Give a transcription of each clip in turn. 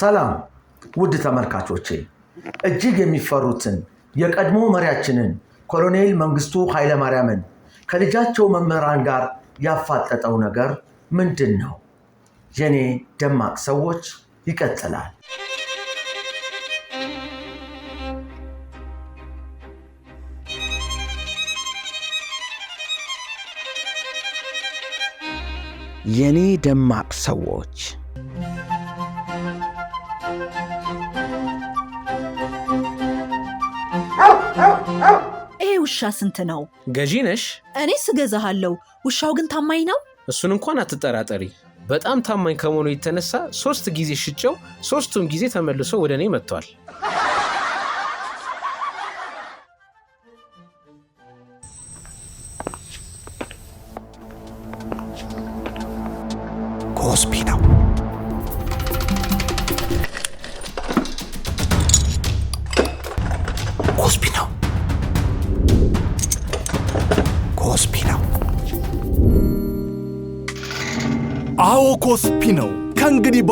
ሰላም ውድ ተመልካቾቼ፣ እጅግ የሚፈሩትን የቀድሞ መሪያችንን ኮሎኔል መንግስቱ ኃይለማርያምን ከልጃቸው መምህራን ጋር ያፋጠጠው ነገር ምንድን ነው? የኔ ደማቅ ሰዎች ይቀጥላል። የኔ ደማቅ ሰዎች ይሄ ውሻ ስንት ነው? ገዢ ነሽ? እኔ ስገዛሃለው። ውሻው ግን ታማኝ ነው? እሱን እንኳን አትጠራጠሪ። በጣም ታማኝ ከመሆኑ የተነሳ ሶስት ጊዜ ሽጨው ሶስቱም ጊዜ ተመልሶ ወደ እኔ መጥቷል።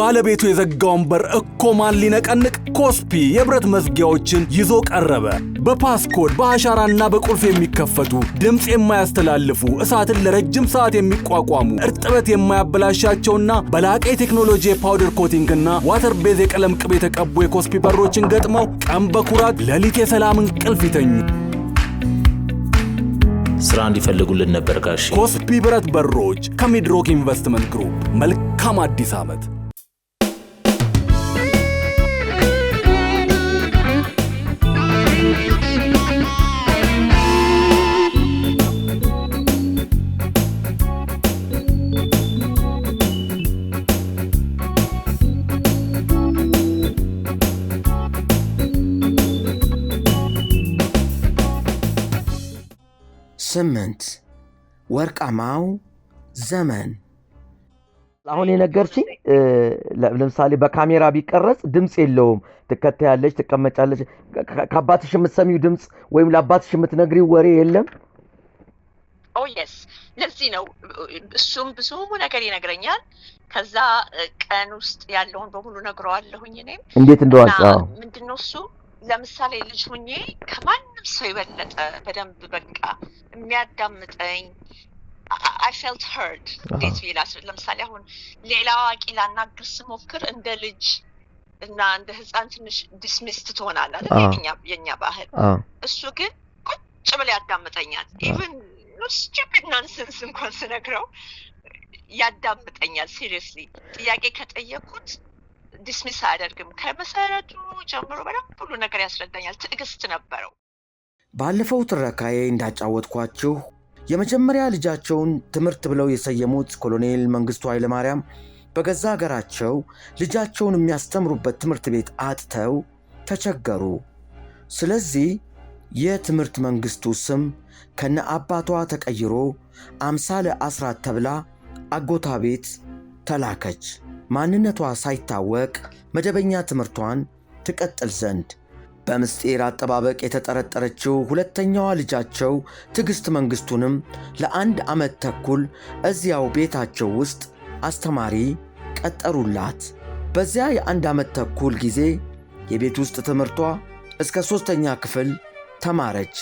ባለቤቱ የዘጋውን በር እኮ ማን ሊነቀንቅ ኮስፒ የብረት መዝጊያዎችን ይዞ ቀረበ። በፓስኮድ በአሻራና በቁልፍ የሚከፈቱ ድምፅ የማያስተላልፉ እሳትን ለረጅም ሰዓት የሚቋቋሙ እርጥበት የማያበላሻቸውና በላቀ የቴክኖሎጂ የፓውደር ኮቲንግና ዋተር ቤዝ የቀለም ቅብ የተቀቡ የኮስፒ በሮችን ገጥመው ቀን በኩራት ሌሊት የሰላም እንቅልፍ ይተኙ። ስራ እንዲፈልጉልን ነበር ጋሽ። ኮስፒ ብረት በሮች ከሚድሮክ ኢንቨስትመንት ግሩፕ። መልካም አዲስ ዓመት። ስምንት ወርቃማው ዘመን አሁን የነገርሽኝ ለምሳሌ በካሜራ ቢቀረጽ ድምፅ የለውም። ትከተያለች ትቀመጫለች። ከአባትሽ የምትሰሚው ድምፅ ወይም ለአባትሽ የምትነግሪው ወሬ የለም። ኦየስ ለዚህ ነው እሱም ብዙ ነገር ይነግረኛል። ከዛ ቀን ውስጥ ያለውን በሙሉ ነግረዋለሁኝ። እኔም እንዴት እንደዋጣ ምንድነው እሱ ለምሳሌ ልጅ ሁኜ ከማንም ሰው የበለጠ በደንብ በቃ የሚያዳምጠኝ አይፌልት ፌልት ሄርድ እንዴት ቢላስ ለምሳሌ አሁን ሌላ አዋቂ ላናግር ስሞክር እንደ ልጅ እና እንደ ህፃን ትንሽ ዲስሚስት ትሆናል አይደል? የኛ ባህል እሱ ግን ቁጭ ብላ ያዳምጠኛል። ኢቨን ስቲፒድ ናንሰንስ እንኳን ስነግረው ያዳምጠኛል። ሲሪየስሊ ጥያቄ ከጠየኩት ዲስሚስ አያደርግም። ከመሰረቱ ጀምሮ በደንብ ሁሉ ነገር ያስረዳኛል። ትዕግስት ነበረው። ባለፈው ትረካዬ እንዳጫወትኳችሁ የመጀመሪያ ልጃቸውን ትምህርት ብለው የሰየሙት ኮሎኔል መንግስቱ ኃይለማርያም በገዛ ሀገራቸው ልጃቸውን የሚያስተምሩበት ትምህርት ቤት አጥተው ተቸገሩ። ስለዚህ የትምህርት መንግስቱ ስም ከነ አባቷ ተቀይሮ አምሳለ አስራት ተብላ አጎታ ቤት ተላከች። ማንነቷ ሳይታወቅ መደበኛ ትምህርቷን ትቀጥል ዘንድ በምስጢር አጠባበቅ የተጠረጠረችው ሁለተኛዋ ልጃቸው ትዕግሥት መንግሥቱንም ለአንድ ዓመት ተኩል እዚያው ቤታቸው ውስጥ አስተማሪ ቀጠሩላት። በዚያ የአንድ ዓመት ተኩል ጊዜ የቤት ውስጥ ትምህርቷ እስከ ሦስተኛ ክፍል ተማረች።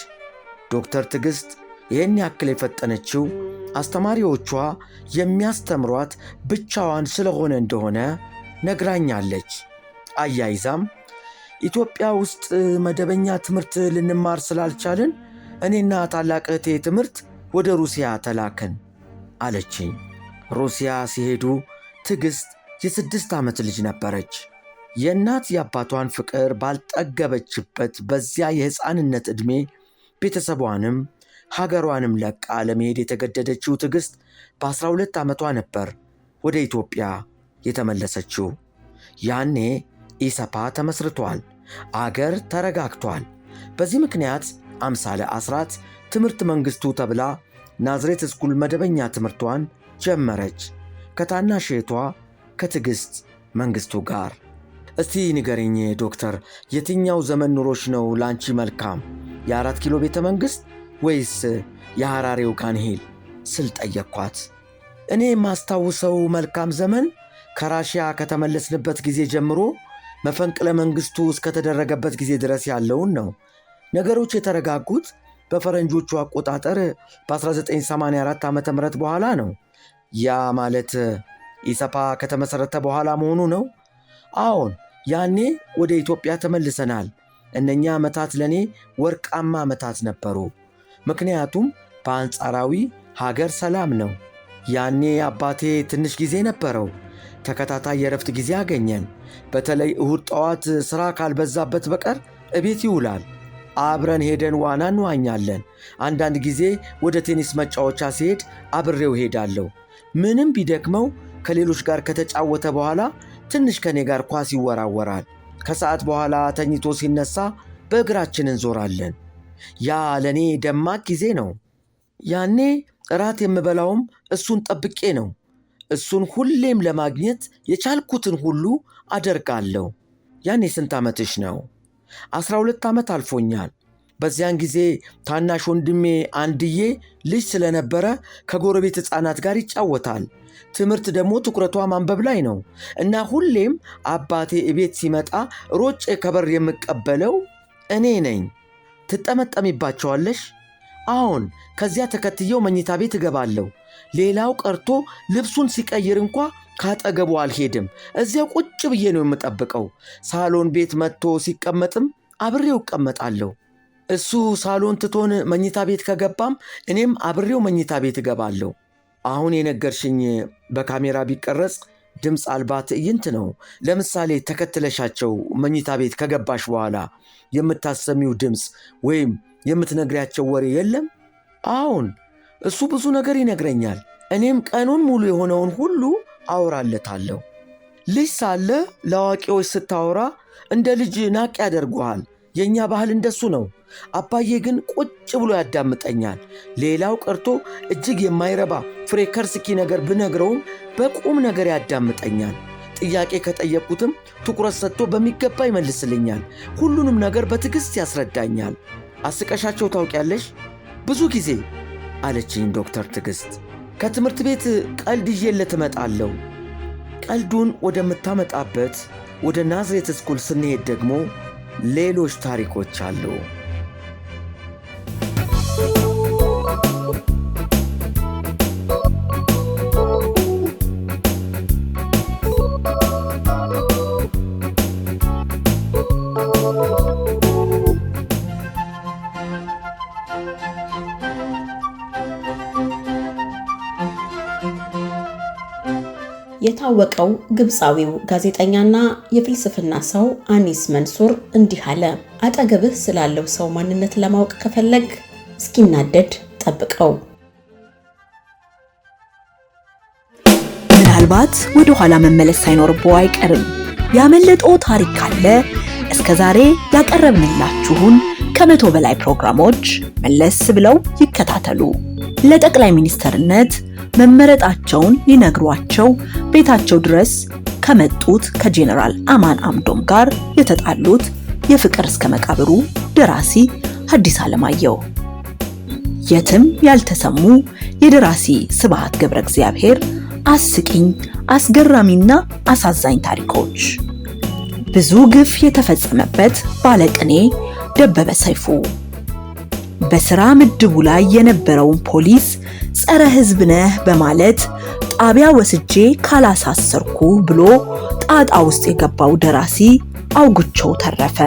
ዶክተር ትዕግሥት ይህን ያክል የፈጠነችው አስተማሪዎቿ የሚያስተምሯት ብቻዋን ስለሆነ እንደሆነ ነግራኛለች። አያይዛም ኢትዮጵያ ውስጥ መደበኛ ትምህርት ልንማር ስላልቻልን እኔና ታላቅ እህቴ ትምህርት ወደ ሩሲያ ተላክን አለችኝ። ሩሲያ ሲሄዱ ትዕግሥት የስድስት ዓመት ልጅ ነበረች። የእናት የአባቷን ፍቅር ባልጠገበችበት በዚያ የሕፃንነት ዕድሜ ቤተሰቧንም ሀገሯንም ለቃ ለመሄድ የተገደደችው ትዕግስት በ12 ዓመቷ ነበር ወደ ኢትዮጵያ የተመለሰችው። ያኔ ኢሰፓ ተመስርቷል፣ አገር ተረጋግቷል። በዚህ ምክንያት አምሳለ አስራት ትምህርት መንግሥቱ ተብላ ናዝሬት ስኩል መደበኛ ትምህርቷን ጀመረች ከታናሽ እህቷ ከትዕግሥት መንግሥቱ ጋር። እስቲ ንገረኝ ዶክተር፣ የትኛው ዘመን ኑሮሽ ነው ላንቺ መልካም? የአራት ኪሎ ቤተ መንግሥት ወይስ የሐራሬው ካንሄል ስል ጠየቅኳት። እኔ የማስታውሰው መልካም ዘመን ከራሽያ ከተመለስንበት ጊዜ ጀምሮ መፈንቅለ መንግሥቱ እስከተደረገበት ጊዜ ድረስ ያለውን ነው። ነገሮች የተረጋጉት በፈረንጆቹ አቆጣጠር በ1984 ዓ ም በኋላ ነው። ያ ማለት ኢሰፓ ከተመሠረተ በኋላ መሆኑ ነው። አዎን፣ ያኔ ወደ ኢትዮጵያ ተመልሰናል። እነኛ ዓመታት ለእኔ ወርቃማ ዓመታት ነበሩ። ምክንያቱም በአንጻራዊ ሀገር ሰላም ነው። ያኔ አባቴ ትንሽ ጊዜ ነበረው። ተከታታይ የረፍት ጊዜ አገኘን። በተለይ እሁድ ጠዋት ሥራ ካልበዛበት በቀር እቤት ይውላል። አብረን ሄደን ዋና እንዋኛለን። አንዳንድ ጊዜ ወደ ቴኒስ መጫወቻ ሲሄድ አብሬው ሄዳለሁ። ምንም ቢደክመው ከሌሎች ጋር ከተጫወተ በኋላ ትንሽ ከኔ ጋር ኳስ ይወራወራል። ከሰዓት በኋላ ተኝቶ ሲነሳ በእግራችን እንዞራለን። ያ ለእኔ ደማቅ ጊዜ ነው። ያኔ እራት የምበላውም እሱን ጠብቄ ነው። እሱን ሁሌም ለማግኘት የቻልኩትን ሁሉ አደርጋለሁ። ያኔ ስንት ዓመትሽ ነው? ዐሥራ ሁለት ዓመት አልፎኛል። በዚያን ጊዜ ታናሽ ወንድሜ አንድዬ ልጅ ስለነበረ ከጎረቤት ሕፃናት ጋር ይጫወታል። ትምህርት ደግሞ ትኩረቷ ማንበብ ላይ ነው እና ሁሌም አባቴ እቤት ሲመጣ ሮጬ ከበር የምቀበለው እኔ ነኝ። ትጠመጠሚባቸዋለሽ? አዎን፣ ከዚያ ተከትየው መኝታ ቤት እገባለሁ። ሌላው ቀርቶ ልብሱን ሲቀይር እንኳ ካጠገቡ አልሄድም። እዚያው ቁጭ ብዬ ነው የምጠብቀው። ሳሎን ቤት መጥቶ ሲቀመጥም አብሬው እቀመጣለሁ። እሱ ሳሎን ትቶን መኝታ ቤት ከገባም እኔም አብሬው መኝታ ቤት እገባለሁ። አሁን የነገርሽኝ በካሜራ ቢቀረጽ ድምፅ አልባ ትዕይንት ነው። ለምሳሌ ተከትለሻቸው መኝታ ቤት ከገባሽ በኋላ የምታሰሚው ድምፅ ወይም የምትነግሪያቸው ወሬ የለም? አሁን እሱ ብዙ ነገር ይነግረኛል። እኔም ቀኑን ሙሉ የሆነውን ሁሉ አውራለታለሁ። ልጅ ሳለ ለአዋቂዎች ስታወራ እንደ ልጅ ናቅ ያደርጉሃል። የእኛ ባህል እንደሱ ነው። አባዬ ግን ቁጭ ብሎ ያዳምጠኛል። ሌላው ቀርቶ እጅግ የማይረባ ፍሬከርስኪ ነገር ብነግረውም በቁም ነገር ያዳምጠኛል። ጥያቄ ከጠየቅኩትም ትኩረት ሰጥቶ በሚገባ ይመልስልኛል። ሁሉንም ነገር በትዕግሥት ያስረዳኛል። አስቀሻቸው ታውቂያለሽ ብዙ ጊዜ አለችኝ ዶክተር ትዕግሥት። ከትምህርት ቤት ቀልድ ይዤለት እመጣለሁ። ቀልዱን ወደምታመጣበት ወደ ናዝሬት ስኩል ስንሄድ ደግሞ ሌሎች ታሪኮች አሉ። የታወቀው ግብፃዊው ጋዜጠኛና የፍልስፍና ሰው አኒስ መንሱር እንዲህ አለ። አጠገብህ ስላለው ሰው ማንነት ለማወቅ ከፈለግ እስኪናደድ ጠብቀው። ምናልባት ወደ ኋላ መመለስ ሳይኖርብዎ አይቀርም። ያመለጠው ታሪክ ካለ እስከ ዛሬ ያቀረብንላችሁን ከመቶ በላይ ፕሮግራሞች መለስ ብለው ይከታተሉ። ለጠቅላይ ሚኒስትርነት መመረጣቸውን ሊነግሯቸው ቤታቸው ድረስ ከመጡት ከጄኔራል አማን አምዶም ጋር የተጣሉት የፍቅር እስከ መቃብሩ ደራሲ ሐዲስ ዓለማየሁ የትም ያልተሰሙ የደራሲ ስብሐት ገብረ እግዚአብሔር አስቂኝ አስገራሚና አሳዛኝ ታሪኮች ብዙ ግፍ የተፈጸመበት ባለቅኔ ደበበ ሰይፉ በሥራ ምድቡ ላይ የነበረውን ፖሊስ ጸረ ህዝብ ነህ በማለት ጣቢያ ወስጄ ካላሳሰርኩ ብሎ ጣጣ ውስጥ የገባው ደራሲ አውግቸው ተረፈ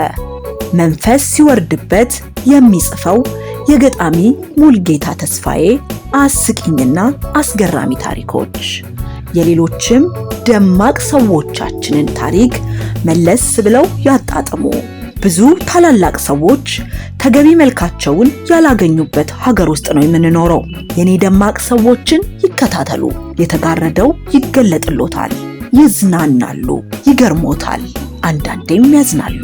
መንፈስ ሲወርድበት የሚጽፈው የገጣሚ ሙልጌታ ተስፋዬ አስቂኝና አስገራሚ ታሪኮች የሌሎችም ደማቅ ሰዎቻችንን ታሪክ መለስ ብለው ያጣጥሙ። ብዙ ታላላቅ ሰዎች ተገቢ መልካቸውን ያላገኙበት ሀገር ውስጥ ነው የምንኖረው። የኔ ደማቅ ሰዎችን ይከታተሉ። የተጋረደው ይገለጥሎታል፣ ይዝናናሉ፣ ይገርሞታል፣ አንዳንዴም ያዝናሉ።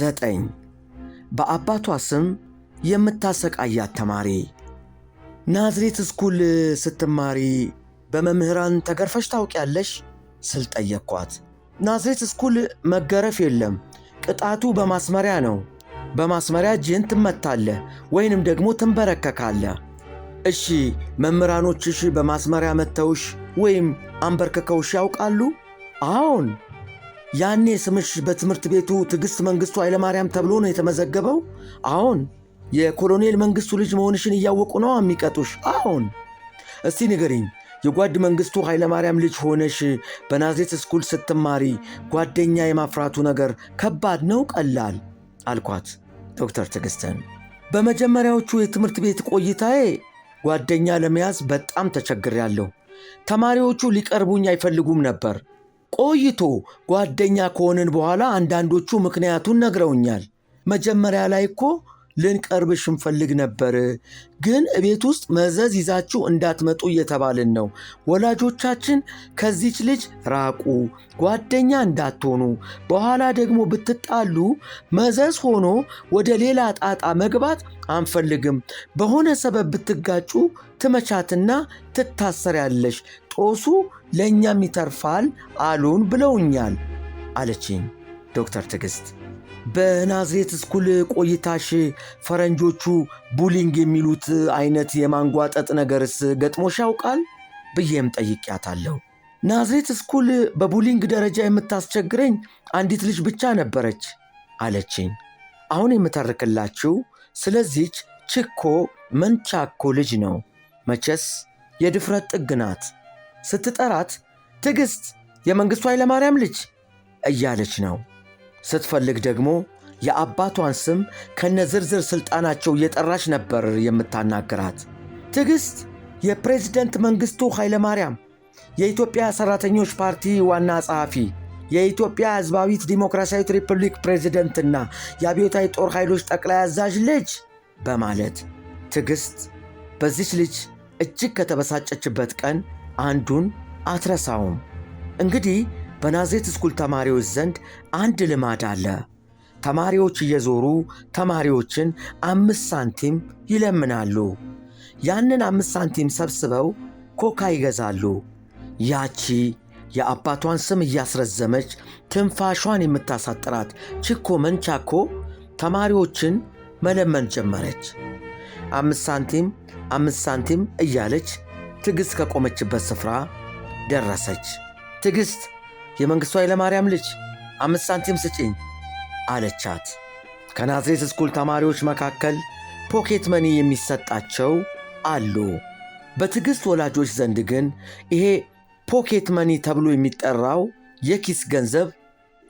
ዘጠኝ በአባቷ ስም የምታሰቃያት ተማሪ። ናዝሬት ስኩል ስትማሪ በመምህራን ተገርፈሽ ታውቂያለሽ ስል ጠየቅኳት። ናዝሬት ስኩል መገረፍ የለም፣ ቅጣቱ በማስመሪያ ነው። በማስመሪያ እጅህን ትመታለህ ወይንም ደግሞ ትንበረከካለህ። እሺ መምህራኖችሽ በማስመሪያ መተውሽ ወይም አንበርክከውሽ ያውቃሉ? አዎን ያኔ ስምሽ በትምህርት ቤቱ ትግስት መንግስቱ ኃይለማርያም ተብሎ ነው የተመዘገበው። አሁን የኮሎኔል መንግስቱ ልጅ መሆንሽን እያወቁ ነው የሚቀጡሽ። አሁን እስቲ ንገሪኝ፣ የጓድ መንግስቱ ኃይለማርያም ልጅ ሆነሽ በናዝሬት ስኩል ስትማሪ ጓደኛ የማፍራቱ ነገር ከባድ ነው ቀላል? አልኳት ዶክተር ትዕግስትን። በመጀመሪያዎቹ የትምህርት ቤት ቆይታዬ ጓደኛ ለመያዝ በጣም ተቸግሬያለሁ። ተማሪዎቹ ሊቀርቡኝ አይፈልጉም ነበር። ቆይቶ ጓደኛ ከሆንን በኋላ አንዳንዶቹ ምክንያቱን ነግረውኛል። መጀመሪያ ላይ እኮ ልንቀርብሽ እንፈልግ ነበር፣ ግን ቤት ውስጥ መዘዝ ይዛችሁ እንዳትመጡ እየተባልን ነው። ወላጆቻችን ከዚች ልጅ ራቁ፣ ጓደኛ እንዳትሆኑ፣ በኋላ ደግሞ ብትጣሉ መዘዝ ሆኖ ወደ ሌላ ጣጣ መግባት አንፈልግም። በሆነ ሰበብ ብትጋጩ ትመቻትና ትታሰሪያለሽ፣ ጦሱ ለእኛም ይተርፋል አሉን ብለውኛል አለችኝ ዶክተር ትዕግስት። በናዝሬት ስኩል ቆይታሽ ፈረንጆቹ ቡሊንግ የሚሉት አይነት የማንጓጠጥ ነገርስ ገጥሞሽ ያውቃል ብዬም ጠይቄያታለሁ። ናዝሬት ስኩል በቡሊንግ ደረጃ የምታስቸግረኝ አንዲት ልጅ ብቻ ነበረች አለችኝ። አሁን የምተርክላችሁ ስለዚች ችኮ መንቻኮ ልጅ ነው። መቼስ የድፍረት ጥግ ናት። ስትጠራት ትዕግሥት የመንግሥቱ ኃይለማርያም ልጅ እያለች ነው ስትፈልግ ደግሞ የአባቷን ስም ከነ ዝርዝር ሥልጣናቸው እየጠራች ነበር የምታናግራት። ትዕግሥት የፕሬዝደንት መንግሥቱ ኃይለማርያም የኢትዮጵያ ሠራተኞች ፓርቲ ዋና ጸሐፊ የኢትዮጵያ ሕዝባዊት ዲሞክራሲያዊት ሪፐብሊክ ፕሬዝደንትና የአብዮታዊ ጦር ኃይሎች ጠቅላይ አዛዥ ልጅ በማለት ትዕግሥት በዚች ልጅ እጅግ ከተበሳጨችበት ቀን አንዱን አትረሳውም። እንግዲህ በናዝሬት ስኩል ተማሪዎች ዘንድ አንድ ልማድ አለ። ተማሪዎች እየዞሩ ተማሪዎችን አምስት ሳንቲም ይለምናሉ። ያንን አምስት ሳንቲም ሰብስበው ኮካ ይገዛሉ። ያቺ የአባቷን ስም እያስረዘመች ትንፋሿን የምታሳጥራት ችኮ መንቻኮ ተማሪዎችን መለመን ጀመረች። አምስት ሳንቲም አምስት ሳንቲም እያለች ትዕግሥት ከቆመችበት ስፍራ ደረሰች። ትዕግሥት የመንግሥቱ ኃይለማርያም ልጅ አምስት ሳንቲም ስጪኝ አለቻት። ከናዝሬት ስኩል ተማሪዎች መካከል ፖኬት መኒ የሚሰጣቸው አሉ። በትዕግሥት ወላጆች ዘንድ ግን ይሄ ፖኬት መኒ ተብሎ የሚጠራው የኪስ ገንዘብ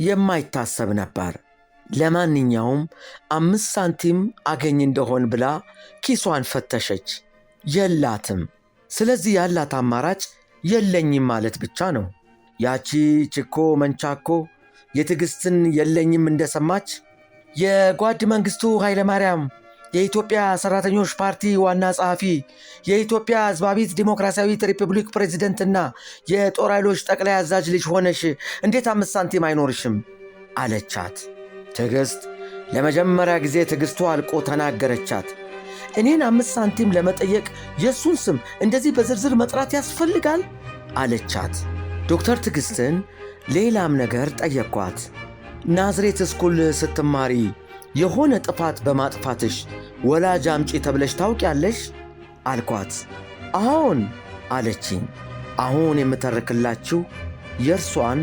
የማይታሰብ ነበር። ለማንኛውም አምስት ሳንቲም አገኝ እንደሆን ብላ ኪሷን ፈተሸች። የላትም። ስለዚህ ያላት አማራጭ የለኝም ማለት ብቻ ነው። ያቺ ችኮ መንቻኮ የትዕግሥትን የለኝም እንደሰማች የጓድ መንግሥቱ ኃይለ ማርያም የኢትዮጵያ ሠራተኞች ፓርቲ ዋና ጸሐፊ የኢትዮጵያ ሕዝባዊት ዲሞክራሲያዊት ሪፐብሊክ ፕሬዚደንትና የጦር ኃይሎች ጠቅላይ አዛዥ ልጅ ሆነሽ እንዴት አምስት ሳንቲም አይኖርሽም? አለቻት። ትዕግሥት ለመጀመሪያ ጊዜ ትዕግሥቱ አልቆ ተናገረቻት። እኔን አምስት ሳንቲም ለመጠየቅ የእሱን ስም እንደዚህ በዝርዝር መጥራት ያስፈልጋል? አለቻት። ዶክተር ትግስትን ሌላም ነገር ጠየቅኳት። ናዝሬት ስኩል ስትማሪ የሆነ ጥፋት በማጥፋትሽ ወላጅ አምጪ ተብለሽ ታውቂያለሽ? አልኳት። አዎን አለችኝ። አሁን የምተርክላችሁ የእርሷን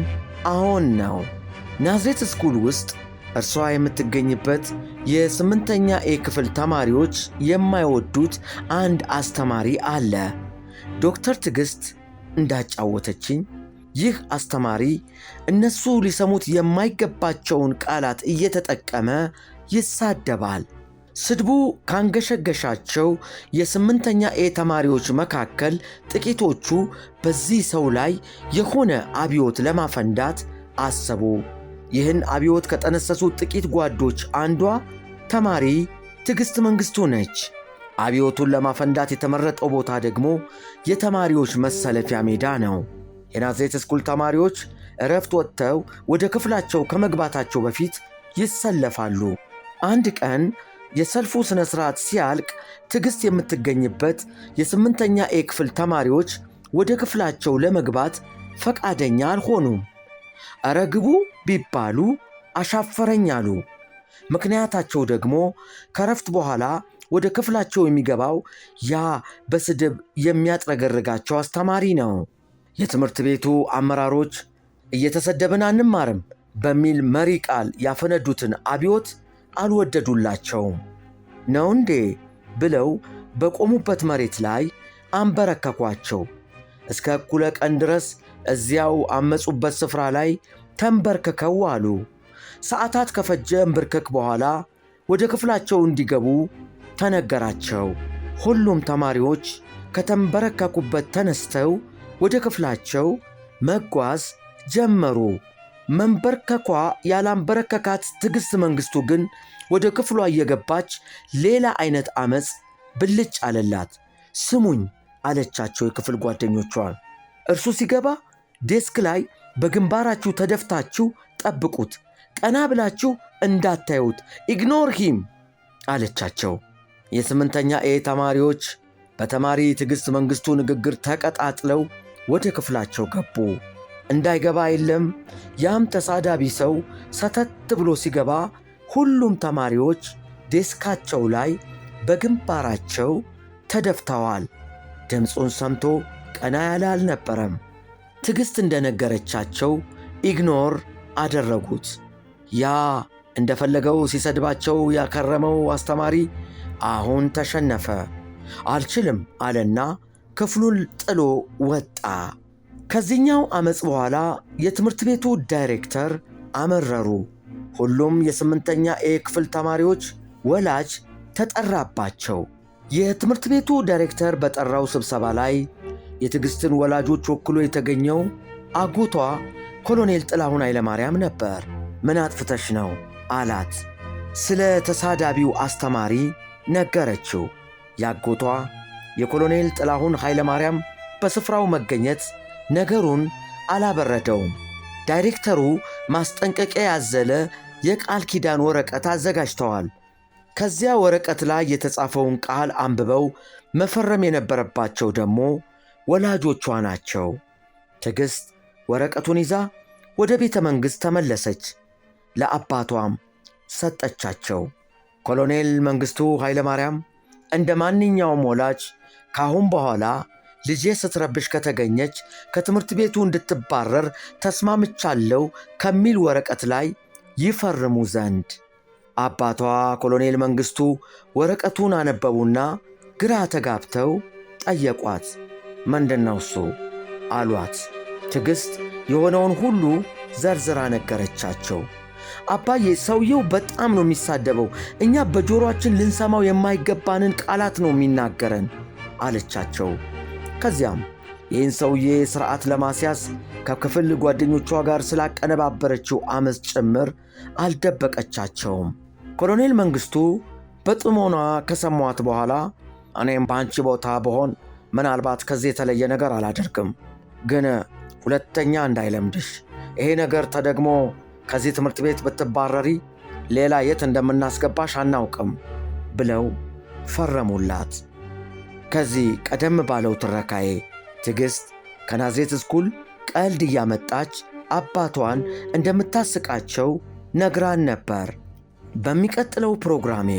አዎን ነው። ናዝሬት ስኩል ውስጥ እርሷ የምትገኝበት የስምንተኛ ኤ ክፍል ተማሪዎች የማይወዱት አንድ አስተማሪ አለ። ዶክተር ትግስት እንዳጫወተችኝ ይህ አስተማሪ እነሱ ሊሰሙት የማይገባቸውን ቃላት እየተጠቀመ ይሳደባል። ስድቡ ካንገሸገሻቸው የስምንተኛ ኤ ተማሪዎች መካከል ጥቂቶቹ በዚህ ሰው ላይ የሆነ አብዮት ለማፈንዳት አሰቡ። ይህን አብዮት ከጠነሰሱ ጥቂት ጓዶች አንዷ ተማሪ ትዕግሥት መንግሥቱ ነች። አብዮቱን ለማፈንዳት የተመረጠው ቦታ ደግሞ የተማሪዎች መሰለፊያ ሜዳ ነው። የናዝሬት ስኩል ተማሪዎች እረፍት ወጥተው ወደ ክፍላቸው ከመግባታቸው በፊት ይሰለፋሉ። አንድ ቀን የሰልፉ ሥነ ሥርዓት ሲያልቅ ትዕግሥት የምትገኝበት የስምንተኛ ኤ ክፍል ተማሪዎች ወደ ክፍላቸው ለመግባት ፈቃደኛ አልሆኑም። ረግቡ ግቡ ቢባሉ አሻፈረኝ አሉ። ምክንያታቸው ደግሞ ከረፍት በኋላ ወደ ክፍላቸው የሚገባው ያ በስድብ የሚያጥረገርጋቸው አስተማሪ ነው። የትምህርት ቤቱ አመራሮች እየተሰደብን አንማርም በሚል መሪ ቃል ያፈነዱትን አብዮት አልወደዱላቸውም። ነው እንዴ ብለው በቆሙበት መሬት ላይ አንበረከኳቸው። እስከ እኩለ ቀን ድረስ እዚያው አመፁበት ስፍራ ላይ ተንበርክከው አሉ። ሰዓታት ከፈጀ እንብርክክ በኋላ ወደ ክፍላቸው እንዲገቡ ተነገራቸው። ሁሉም ተማሪዎች ከተንበረከኩበት ተነስተው ወደ ክፍላቸው መጓዝ ጀመሩ። መንበርከኳ ያላንበረከካት ትዕግሥት መንግሥቱ ግን ወደ ክፍሏ እየገባች ሌላ አይነት አመፅ ብልጭ አለላት። ስሙኝ አለቻቸው የክፍል ጓደኞቿን። እርሱ ሲገባ ዴስክ ላይ በግንባራችሁ ተደፍታችሁ ጠብቁት፣ ቀና ብላችሁ እንዳታዩት፣ ኢግኖር ሂም አለቻቸው። የስምንተኛ ኤ ተማሪዎች በተማሪ ትዕግሥት መንግሥቱ ንግግር ተቀጣጥለው ወደ ክፍላቸው ገቡ። እንዳይገባ የለም። ያም ተሳዳቢ ሰው ሰተት ብሎ ሲገባ ሁሉም ተማሪዎች ዴስካቸው ላይ በግንባራቸው ተደፍተዋል። ድምፁን ሰምቶ ቀና ያለ አልነበረም። ትዕግሥት እንደነገረቻቸው ኢግኖር አደረጉት። ያ እንደፈለገው ሲሰድባቸው ያከረመው አስተማሪ አሁን ተሸነፈ። አልችልም አለና ክፍሉን ጥሎ ወጣ። ከዚህኛው ዓመፅ በኋላ የትምህርት ቤቱ ዳይሬክተር አመረሩ። ሁሉም የስምንተኛ ኤ ክፍል ተማሪዎች ወላጅ ተጠራባቸው። የትምህርት ቤቱ ዳይሬክተር በጠራው ስብሰባ ላይ የትዕግሥትን ወላጆች ወክሎ የተገኘው አጎቷ ኮሎኔል ጥላሁን ኃይለማርያም ነበር። ምን አጥፍተሽ ነው አላት። ስለ ተሳዳቢው አስተማሪ ነገረችው። ያጎቷ የኮሎኔል ጥላሁን ኃይለ ማርያም በስፍራው መገኘት ነገሩን አላበረደውም። ዳይሬክተሩ ማስጠንቀቂያ ያዘለ የቃል ኪዳን ወረቀት አዘጋጅተዋል። ከዚያ ወረቀት ላይ የተጻፈውን ቃል አንብበው መፈረም የነበረባቸው ደግሞ ወላጆቿ ናቸው። ትዕግሥት ወረቀቱን ይዛ ወደ ቤተ መንግሥት ተመለሰች። ለአባቷም ሰጠቻቸው። ኮሎኔል መንግሥቱ ማርያም እንደ ማንኛውም ወላጅ ከአሁን በኋላ ልጄ ስትረብሽ ከተገኘች ከትምህርት ቤቱ እንድትባረር ተስማምቻለሁ ከሚል ወረቀት ላይ ይፈርሙ ዘንድ። አባቷ ኮሎኔል መንግሥቱ ወረቀቱን አነበቡና ግራ ተጋብተው ጠየቋት። ምንድነው እሱ አሏት። ትዕግሥት የሆነውን ሁሉ ዘርዝራ ነገረቻቸው። አባዬ ሰውየው በጣም ነው የሚሳደበው። እኛ በጆሮአችን ልንሰማው የማይገባንን ቃላት ነው የሚናገረን አለቻቸው። ከዚያም ይህን ሰውዬ ሥርዓት ለማስያዝ ከክፍል ጓደኞቿ ጋር ስላቀነባበረችው አመፅ ጭምር አልደበቀቻቸውም። ኮሎኔል መንግሥቱ በጥሞና ከሰሟት በኋላ እኔም በአንቺ ቦታ ብሆን ምናልባት ከዚህ የተለየ ነገር አላደርግም፣ ግን ሁለተኛ እንዳይለምድሽ ይሄ ነገር ተደግሞ ከዚህ ትምህርት ቤት ብትባረሪ ሌላ የት እንደምናስገባሽ አናውቅም ብለው ፈረሙላት። ከዚህ ቀደም ባለው ትረካዬ ትዕግሥት ከናዝሬት ስኩል ቀልድ እያመጣች አባቷን እንደምታስቃቸው ነግራን ነበር። በሚቀጥለው ፕሮግራሜ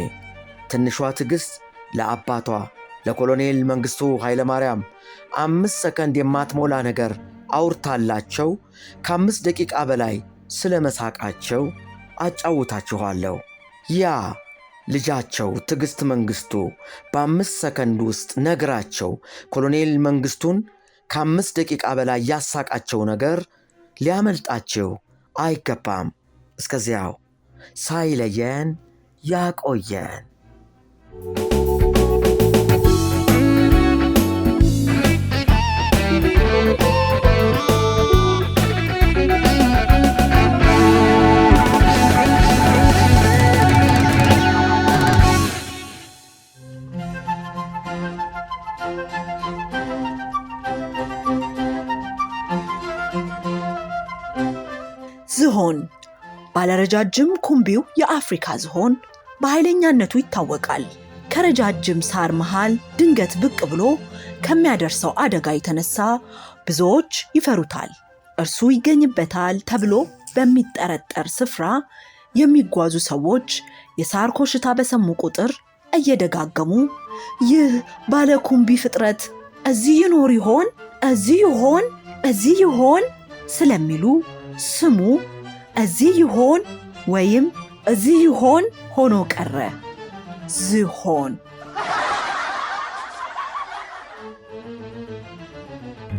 ትንሿ ትዕግሥት ለአባቷ ለኮሎኔል መንግሥቱ ኃይለማርያም አምስት ሰከንድ የማትሞላ ነገር አውርታላቸው ከአምስት ደቂቃ በላይ ስለ መሳቃቸው አጫውታችኋለሁ ያ ልጃቸው ትዕግስት መንግስቱ በአምስት ሰከንድ ውስጥ ነግራቸው ኮሎኔል መንግስቱን ከአምስት ደቂቃ በላይ ያሳቃቸው ነገር ሊያመልጣቸው አይገባም። እስከዚያው ሳይለየን ያቆየን። ባለረጃጅም ኩምቢው የአፍሪካ ዝሆን በኃይለኛነቱ ይታወቃል። ከረጃጅም ሳር መሃል ድንገት ብቅ ብሎ ከሚያደርሰው አደጋ የተነሳ ብዙዎች ይፈሩታል። እርሱ ይገኝበታል ተብሎ በሚጠረጠር ስፍራ የሚጓዙ ሰዎች የሳር ኮሽታ በሰሙ ቁጥር እየደጋገሙ ይህ ባለ ኩምቢ ፍጥረት እዚህ ይኖር ይሆን? እዚህ ይሆን? እዚህ ይሆን? ስለሚሉ ስሙ እዚህ ይሆን ወይም እዚህ ይሆን ሆኖ ቀረ። ዝሆን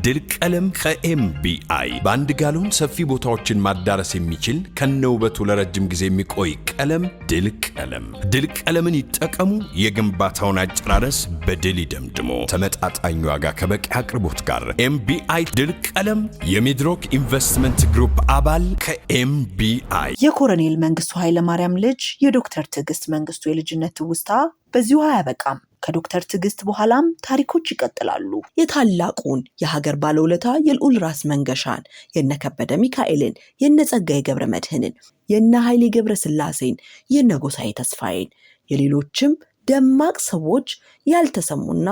ድል ቀለም ከኤምቢአይ በአንድ ጋሎን ሰፊ ቦታዎችን ማዳረስ የሚችል ከነውበቱ ለረጅም ጊዜ የሚቆይ ቀለም ድል ቀለም። ድል ቀለምን ይጠቀሙ። የግንባታውን አጨራረስ በድል ይደምድሞ። ተመጣጣኝ ዋጋ ከበቂ አቅርቦት ጋር ኤምቢአይ ድል ቀለም የሚድሮክ ኢንቨስትመንት ግሩፕ አባል ከኤምቢአይ የኮሎኔል መንግስቱ ኃይለማርያም ልጅ የዶክተር ትዕግስት መንግስቱ የልጅነት ትውስታ በዚሁ አያበቃም። ከዶክተር ትዕግስት በኋላም ታሪኮች ይቀጥላሉ። የታላቁን የሀገር ባለውለታ የልዑል ራስ መንገሻን፣ የነከበደ ሚካኤልን፣ የነ የገብረ ገብረ የነ ኃይሌ ገብረ ስላሴን፣ የነ ጎሳዬ ተስፋዬን፣ የሌሎችም ደማቅ ሰዎች ያልተሰሙና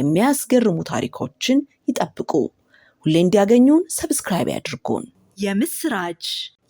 የሚያስገርሙ ታሪኮችን ይጠብቁ። ሁሌ እንዲያገኙን ሰብስክራይብ ያድርጉን። የምስራች